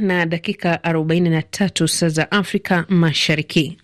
na dakika 43 saa za Afrika Mashariki.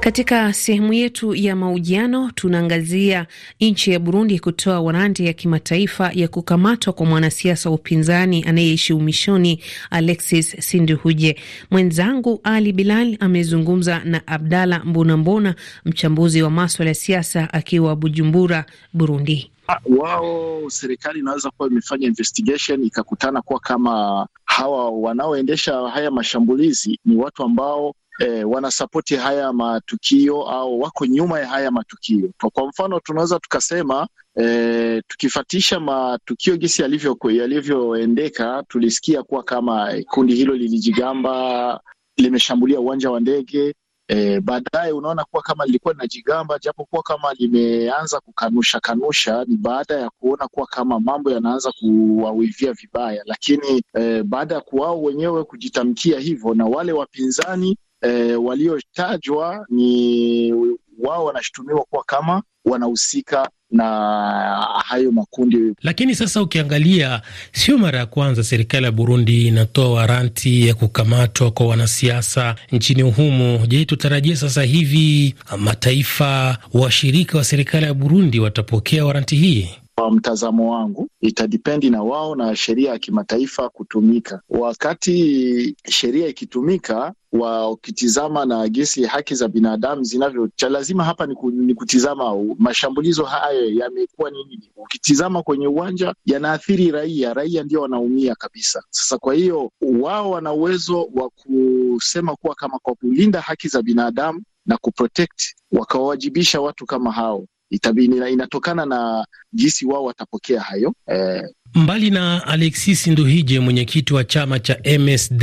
Katika sehemu yetu ya mahojiano tunaangazia nchi ya Burundi kutoa waranti ya kimataifa ya kukamatwa kwa mwanasiasa wa upinzani anayeishi umishoni Alexis Sinduhuje. Mwenzangu Ali Bilal amezungumza na Abdala Mbonambona, mchambuzi wa maswala ya siasa akiwa Bujumbura, Burundi wao serikali inaweza kuwa imefanya investigation ikakutana kuwa kama hawa wanaoendesha haya mashambulizi ni watu ambao eh, wanasapoti haya matukio au wako nyuma ya haya matukio. Kwa mfano tunaweza tukasema eh, tukifatisha matukio gisi yalivyoendeka, tulisikia kuwa kama eh, kundi hilo lilijigamba, limeshambulia uwanja wa ndege E, baadaye unaona kuwa kama lilikuwa linajigamba, japokuwa kama limeanza kukanusha kanusha, ni baada ya kuona kuwa kama mambo yanaanza kuwawivia vibaya, lakini e, baada ya kuwao wenyewe kujitamkia hivyo na wale wapinzani e, waliotajwa ni wao wanashutumiwa kuwa kama wanahusika na hayo makundi. Lakini sasa ukiangalia, sio mara ya kwanza serikali ya Burundi inatoa waranti ya kukamatwa kwa wanasiasa nchini humo. Je, tutarajie sasa hivi mataifa washirika wa serikali ya Burundi watapokea waranti hii? Kwa mtazamo wangu, itadipendi na wao na sheria ya kimataifa kutumika. Wakati sheria ikitumika wakitizama na gesi haki za binadamu zinavyo, cha lazima hapa ni kutizama mashambulizo hayo yamekuwa ni nini. Ukitizama kwenye uwanja, yanaathiri raia, raia ndio wanaumia kabisa. Sasa kwa hiyo wao wana uwezo wa kusema kuwa kama kwa kulinda haki za binadamu na kuprotect wakawajibisha watu kama hao itabini, inatokana na jinsi wao watapokea hayo eh. Mbali na Alexis Nduhije, mwenyekiti wa chama cha MSD,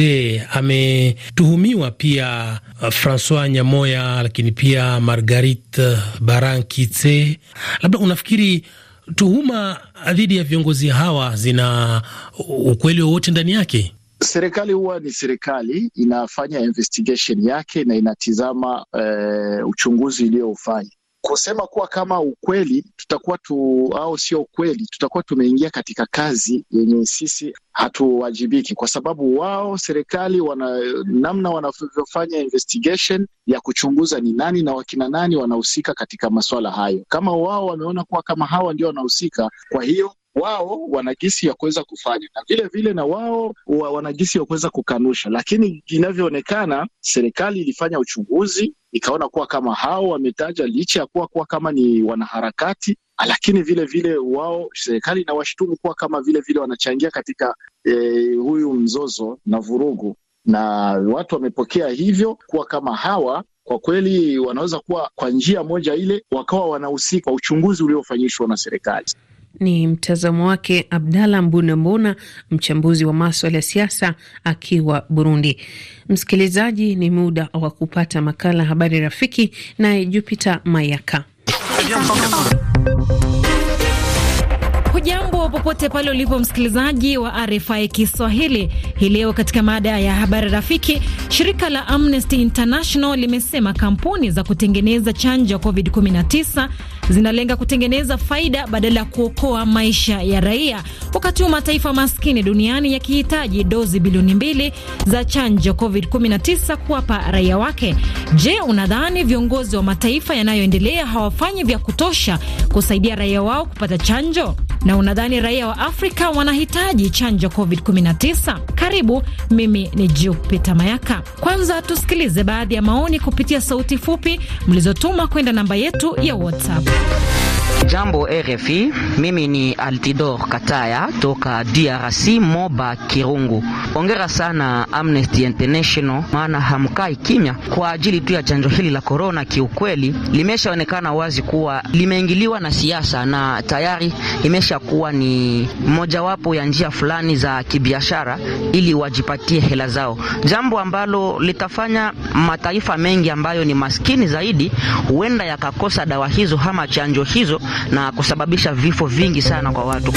ametuhumiwa pia uh, Francois Nyamoya, lakini pia Margarite uh, Barankitse. Labda unafikiri tuhuma dhidi ya viongozi hawa zina uh, ukweli wowote ndani yake? Serikali huwa ni serikali, inafanya investigation yake na inatizama eh, uchunguzi iliyoufanya kusema kuwa kama ukweli tutakuwa tu au sio ukweli, tutakuwa tumeingia katika kazi yenye sisi hatuwajibiki, kwa sababu wao serikali wana namna wanavyofanya investigation ya kuchunguza ni nani na wakina nani wanahusika katika masuala hayo. Kama wao wameona kuwa kama hawa ndio wanahusika, kwa hiyo wao wana gisi ya kuweza kufanya na vile vile na wao wana gisi ya kuweza kukanusha, lakini inavyoonekana serikali ilifanya uchunguzi ikaona kuwa kama hao wametaja licha ya kuwa kuwa kama ni wanaharakati, lakini vile vile wao serikali inawashutumu kuwa kama vile vile wanachangia katika e, huyu mzozo na vurugu, na watu wamepokea hivyo kuwa kama hawa kwa kweli wanaweza kuwa kwa njia moja ile wakawa wanahusika kwa uchunguzi uliofanyishwa na serikali. Ni mtazamo wake mbune Mbunambona, mchambuzi wa maswala ya siasa akiwa Burundi. Msikilizaji, ni muda wa kupata makala Habari Rafiki naye Jupiter Mayaka. Hujambo popote pale ulipo msikilizaji wa RFI Kiswahili. Hii leo katika mada ya habari rafiki, shirika la Amnesty International limesema kampuni za kutengeneza chanjo ya COVID-19 zinalenga kutengeneza faida badala ya kuokoa maisha ya raia, wakati huu mataifa maskini duniani yakihitaji dozi bilioni mbili za chanjo COVID-19 kuwapa raia wake. Je, unadhani viongozi wa mataifa yanayoendelea hawafanyi vya kutosha kusaidia raia wao kupata chanjo? na unadhani raia wa Afrika wanahitaji chanjo COVID-19? Karibu, mimi ni Jupita Mayaka. Kwanza tusikilize baadhi ya maoni kupitia sauti fupi mlizotuma kwenda namba yetu ya WhatsApp. Jambo RFI, mimi ni Altidor Kataya toka DRC Moba Kirungu. Ongera sana Amnesty International, maana hamkai kimya kwa ajili tu ya chanjo hili la korona. Kiukweli limeshaonekana wazi kuwa limeingiliwa na siasa na tayari imeshakuwa ni mojawapo ya njia fulani za kibiashara ili wajipatie hela zao, jambo ambalo litafanya mataifa mengi ambayo ni maskini zaidi huenda yakakosa dawa hizo ama chanjo hizo na kusababisha vifo vingi sana kwa watu.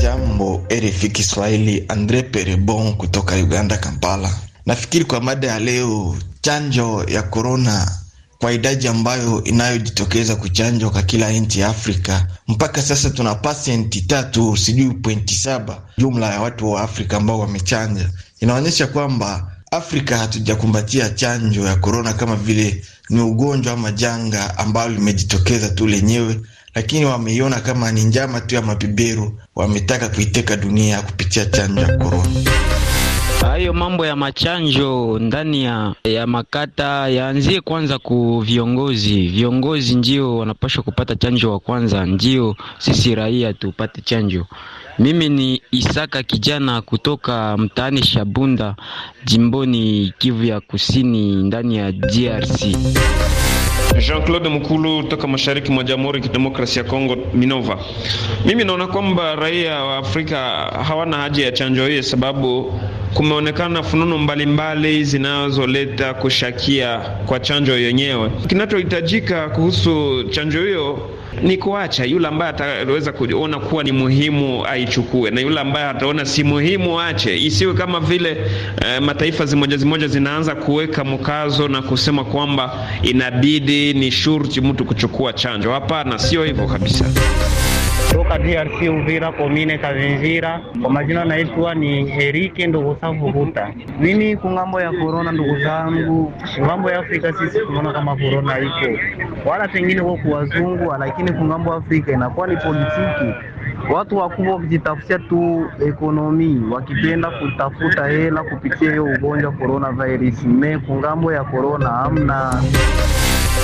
Jambo RFI Kiswahili, Andre Perebon kutoka Uganda, Kampala. Nafikiri kwa mada ya leo, chanjo ya korona kwa idadi ambayo inayojitokeza kuchanjwa kwa kila nchi ya Afrika mpaka sasa tuna pasenti tatu sijui pointi saba jumla ya watu wa Afrika ambao wamechanja, inaonyesha kwamba Afrika hatujakumbatia chanjo ya korona kama vile ni ugonjwa ama janga ambalo limejitokeza tu lenyewe, lakini wameiona kama ni njama tu ya mabeberu. Wametaka kuiteka dunia kupitia chanjo ya korona. Hayo mambo ya machanjo ndani ya, ya makata yaanzie kwanza ku viongozi. Viongozi ndio wanapaswa kupata chanjo wa kwanza, ndio sisi raia tupate chanjo. Mimi ni Isaka kijana kutoka mtaani Shabunda jimboni Kivu ya Kusini ndani ya DRC. Jean-Claude Mukulu toka mashariki mwa Jamhuri ya Kidemokrasia ya Kongo Minova. Mimi naona kwamba raia wa Afrika hawana haja ya chanjo hii, sababu kumeonekana fununu mbalimbali zinazoleta kushakia kwa chanjo yenyewe. Kinachohitajika kuhusu chanjo hiyo ni kuacha yule ambaye ataweza kuona kuwa ni muhimu aichukue, na yule ambaye ataona si muhimu ache. Isiwe kama vile e, mataifa zimoja zimoja zinaanza kuweka mkazo na kusema kwamba inabidi ni shurti mtu kuchukua chanjo. Hapana, sio hivyo kabisa toka DRC Uvira, komine Kavinjira. Kwa majina naitwa ni Erike ndugu zangu Huta. Mimi kungambo ya korona, ndugu zangu, kungambo ya Afrika sisi tunaona kama korona iko wala pengine kwa kuwazungu, lakini kungambo ya Afrika inakuwa ni politiki watu wakubwa wakijitafutia tu ekonomi, wakipenda kutafuta hela kupitia hiyo ugonjwa coronavirus. Me kungambo ya corona hamna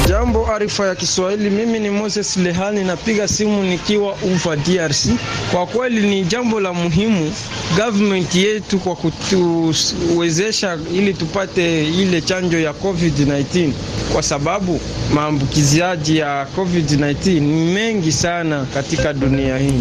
Jambo arifa ya Kiswahili, mimi ni Moses Lehani, napiga simu nikiwa Uva, DRC. Kwa kweli ni jambo la muhimu government yetu kwa kutuwezesha ili tupate ile chanjo ya COVID-19, kwa sababu maambukiziaji ya COVID-19 ni mengi sana katika dunia hii.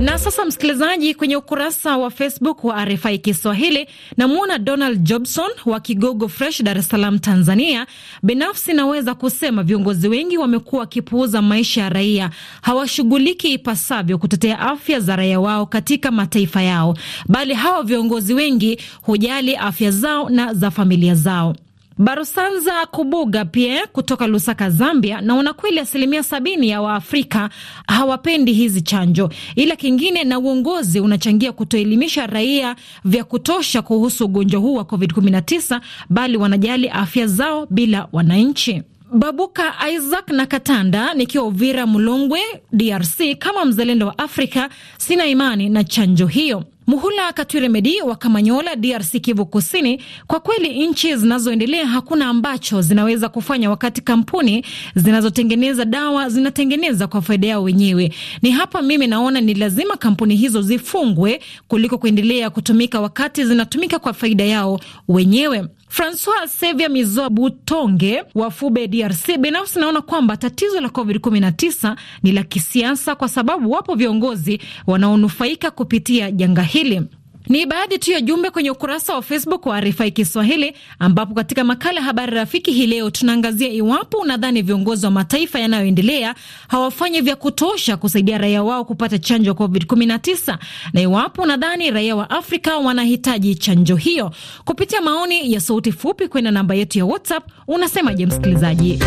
Na sasa msikilizaji, kwenye ukurasa wa Facebook wa RFI Kiswahili namwona Donald Jobson wa Kigogo Fresh, Dar es Salaam, Tanzania. Binafsi naweza kusema viongozi wengi wamekuwa wakipuuza maisha ya raia, hawashughuliki ipasavyo kutetea afya za raia wao katika mataifa yao, bali hawa viongozi wengi hujali afya zao na za familia zao. Barusanza Kubuga pia kutoka Lusaka, Zambia, naona kweli asilimia sabini ya Waafrika hawapendi hizi chanjo, ila kingine na uongozi unachangia kutoelimisha raia vya kutosha kuhusu ugonjwa huu wa COVID-19, bali wanajali afya zao bila wananchi. Babuka Isaac na Katanda nikiwa Uvira Mulongwe, DRC. Kama mzalendo wa Afrika, sina imani na chanjo hiyo. Muhula Katwiremedi wa Kamanyola, DRC, Kivu Kusini. Kwa kweli nchi zinazoendelea hakuna ambacho zinaweza kufanya wakati kampuni zinazotengeneza dawa zinatengeneza kwa faida yao wenyewe. Ni hapa mimi naona ni lazima kampuni hizo zifungwe kuliko kuendelea kutumika wakati zinatumika kwa faida yao wenyewe. Francois Sevia Mizoa Butonge wa Fube, DRC: binafsi naona kwamba tatizo la COVID-19 ni la kisiasa, kwa sababu wapo viongozi wanaonufaika kupitia janga hili Kiswahili. Ni baadhi tu ya jumbe kwenye ukurasa wa Facebook wa RFI Kiswahili, ambapo katika makala ya habari rafiki hii leo tunaangazia iwapo unadhani viongozi wa mataifa yanayoendelea hawafanyi vya kutosha kusaidia raia wao kupata chanjo ya COVID-19 na iwapo unadhani raia wa Afrika wanahitaji chanjo hiyo. Kupitia maoni ya sauti fupi kwenda namba yetu ya WhatsApp, unasemaje msikilizaji?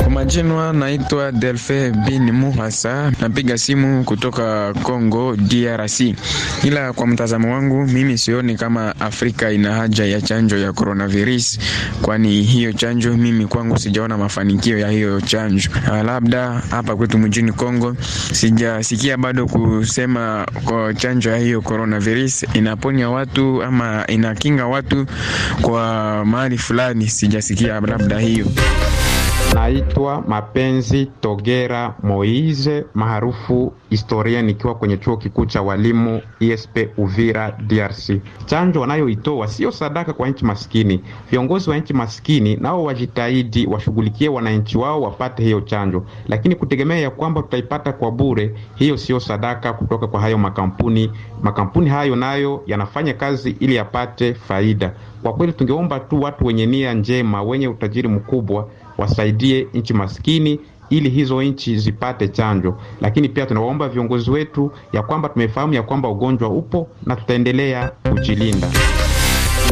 Kwa majina naitwa Delfe bin Muhasa, napiga simu kutoka Congo DRC. Ila kwa mtazamo wangu mimi sioni kama Afrika ina haja ya chanjo ya coronavirus, kwani hiyo chanjo mimi kwangu sijaona mafanikio ya hiyo chanjo. Labda hapa kwetu mjini Congo sijasikia bado kusema kwa chanjo ya hiyo coronavirus inaponya watu ama inakinga watu kwa mahali fulani, sijasikia labda hiyo Naitwa Mapenzi Togera moise maarufu Historia, nikiwa kwenye chuo kikuu cha walimu ESP Uvira, DRC. Chanjo wanayoitoa sio sadaka kwa nchi maskini. Viongozi wa nchi maskini nao wajitahidi, washughulikie wananchi wao wapate hiyo chanjo, lakini kutegemea ya kwamba tutaipata kwa bure, hiyo sio sadaka kutoka kwa hayo makampuni. Makampuni hayo nayo yanafanya kazi ili yapate faida. Kwa kweli, tungeomba tu watu wenye nia njema, wenye utajiri mkubwa wasaidie nchi maskini ili hizo nchi zipate chanjo. Lakini pia tunawaomba viongozi wetu ya kwamba tumefahamu ya kwamba ugonjwa upo na tutaendelea kujilinda.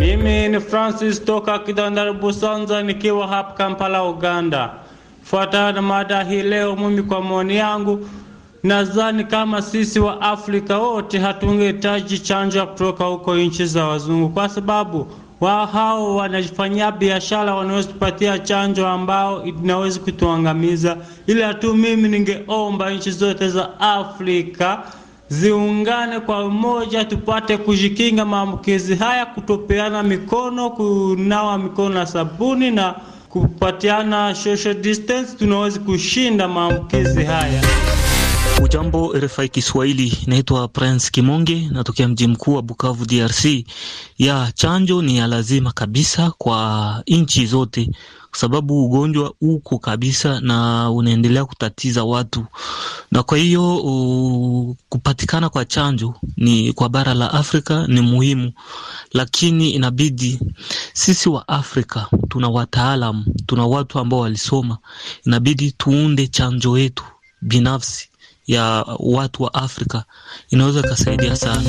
Mimi ni Francis toka Kidandari Busanza, nikiwa hapa Kampala, Uganda. Fuatana na mada hii leo, mimi kwa maoni yangu nadhani kama sisi wa Afrika wote hatungehitaji chanjo ya kutoka huko nchi za wazungu, kwa sababu wao hao wanajifanyia biashara kupatia chanjo ambao inaweza kutuangamiza, ila tu mimi ningeomba nchi zote za Afrika ziungane kwa umoja, tupate kujikinga maambukizi haya, kutopeana mikono, kunawa mikono na sabuni na kupatiana social distance, tunaweza kushinda maambukizi haya. Ujambo RFI Kiswahili, naitwa Prince Kimonge, natokea mji mkuu wa Bukavu, DRC. Ya chanjo ni ya lazima kabisa kwa nchi zote, kwa sababu ugonjwa uko kabisa na unaendelea kutatiza watu, na kwa hiyo uh, kupatikana kwa chanjo ni kwa bara la Afrika ni muhimu, lakini inabidi sisi wa Afrika tuna wataalam, tuna watu ambao walisoma, inabidi tuunde chanjo yetu binafsi ya watu wa Afrika inaweza ikasaidia sana.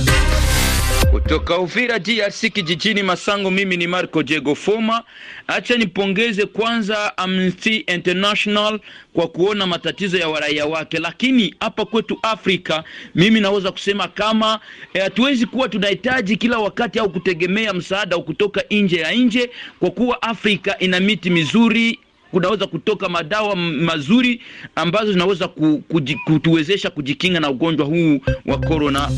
Kutoka Uvira DRC kijijini Masango, mimi ni Marco Diego Foma. Acha nipongeze kwanza Amnesty International kwa kuona matatizo ya waraia wake, lakini hapa kwetu Afrika mimi naweza kusema kama eh, hatuwezi eh, kuwa tunahitaji kila wakati au kutegemea msaada kutoka nje ya nje, kwa kuwa Afrika ina miti mizuri kunaweza kutoka madawa mazuri ambazo zinaweza kutuwezesha kujikinga na ugonjwa huu wa korona.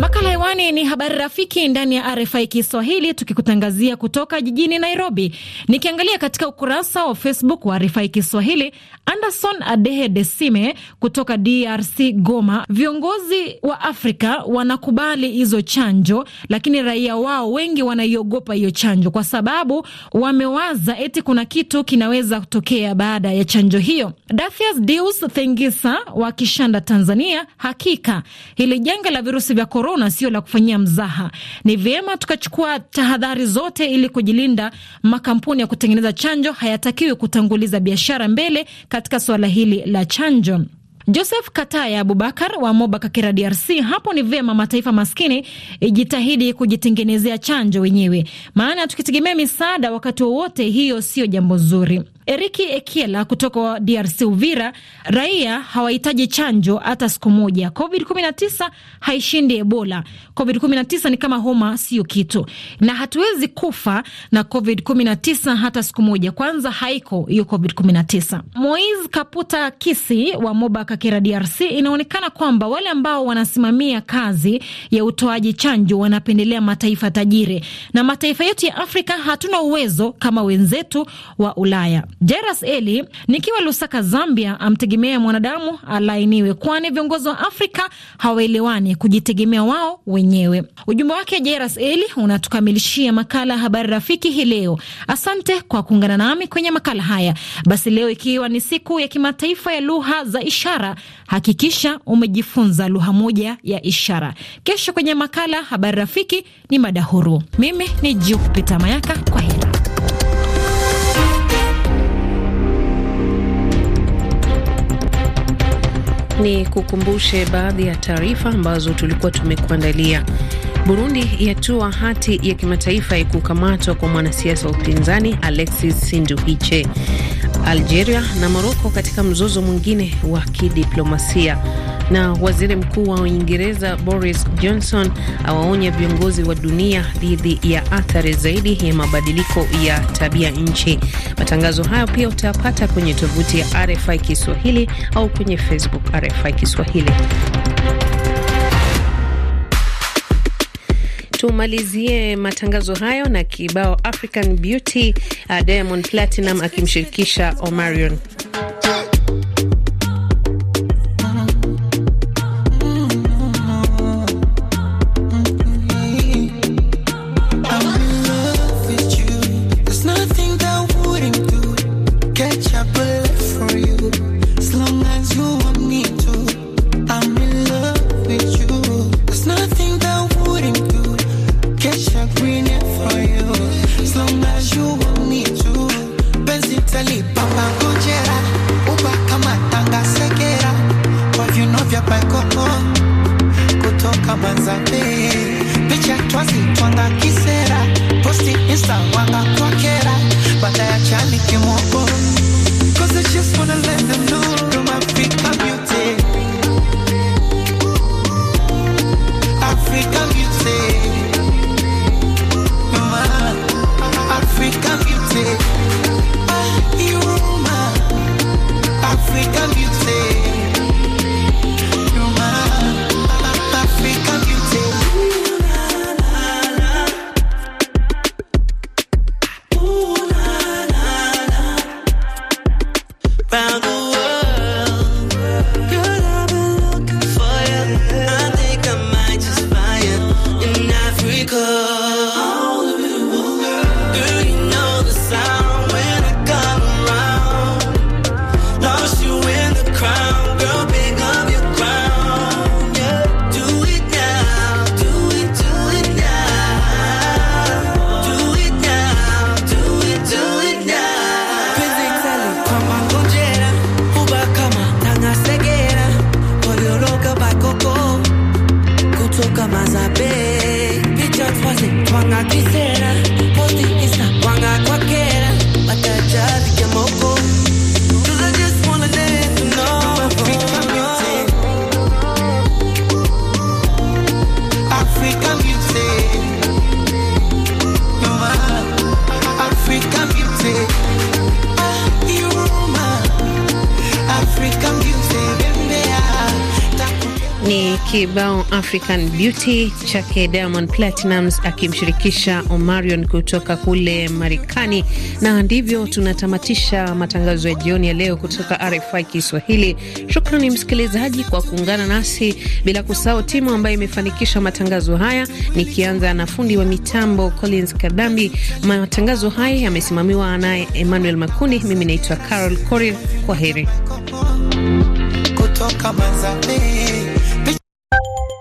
Makala hewani ni habari rafiki ndani ya RFI Kiswahili, tukikutangazia kutoka jijini Nairobi. Nikiangalia katika ukurasa wa Facebook wa RFI Kiswahili, Anderson Adehe Desime kutoka DRC Goma, viongozi wa Afrika wanakubali hizo chanjo, lakini raia wao wengi wanaiogopa hiyo chanjo kwa sababu wamewaza eti kuna kitu kinaweza kutokea baada ya chanjo hiyo. Dathias Deus Thengisa wa Kishanda, Tanzania, hakika hili janga la virusi vya korona korona sio la kufanyia mzaha. Ni vyema tukachukua tahadhari zote ili kujilinda. Makampuni ya kutengeneza chanjo hayatakiwi kutanguliza biashara mbele katika suala hili la chanjo. Joseph Kataya Abubakar wa Moba Kakira, DRC. Hapo ni vyema mataifa maskini ijitahidi kujitengenezea chanjo wenyewe, maana tukitegemea misaada wakati wowote, hiyo sio jambo zuri. Eriki Ekiela kutoka DRC Uvira, raia hawahitaji chanjo hata siku moja. COVID-19 haishindi Ebola. COVID-19 ni kama homa, sio kitu, na hatuwezi kufa na COVID-19 hata siku moja. Kwanza haiko hiyo COVID-19. mois Kaputa Kisi wa Moba Kakera, DRC, inaonekana kwamba wale ambao wanasimamia kazi ya utoaji chanjo wanapendelea mataifa tajiri, na mataifa yetu ya Afrika hatuna uwezo kama wenzetu wa Ulaya. Jairus Eli nikiwa Lusaka, Zambia, amtegemea mwanadamu alainiwe, kwani viongozi wa Afrika hawaelewani kujitegemea wao wenyewe. Ujumbe wake Jairus Eli unatukamilishia makala ya habari rafiki hii leo. Asante kwa kuungana nami kwenye makala haya. Basi leo ikiwa ni siku ya kimataifa ya lugha za ishara, hakikisha umejifunza lugha moja ya ishara. Kesho kwenye makala habari rafiki ni mada huru. Mimi ni Jupita Mayaka, kwa heri. ni kukumbushe baadhi ya taarifa ambazo tulikuwa tumekuandalia. Burundi yatua hati ya kimataifa ya kukamatwa kwa mwanasiasa wa upinzani Alexis Sinduhiche. Algeria na Moroko katika mzozo mwingine wa kidiplomasia. Na waziri mkuu wa Uingereza Boris Johnson awaonya viongozi wa dunia dhidi ya athari zaidi ya mabadiliko ya tabia nchi. Matangazo hayo pia utayapata kwenye tovuti ya RFI Kiswahili au kwenye Facebook RFI Kiswahili. Tumalizie matangazo hayo na kibao African Beauty, uh, Diamond Platinum akimshirikisha Omarion. mazabe picha twase twangakisera ni kibao African Beauty chake Diamond Platinums akimshirikisha Omarion kutoka kule Marekani. Na ndivyo tunatamatisha matangazo ya jioni ya leo kutoka RFI Kiswahili. Shukrani msikilizaji kwa kuungana nasi, bila kusahau timu ambayo imefanikisha matangazo haya, nikianza na fundi wa mitambo Collins Kadambi. Matangazo haya yamesimamiwa naye Emmanuel Makundi. Mimi naitwa Carol Korir, kwa heri kutoka Manzambi.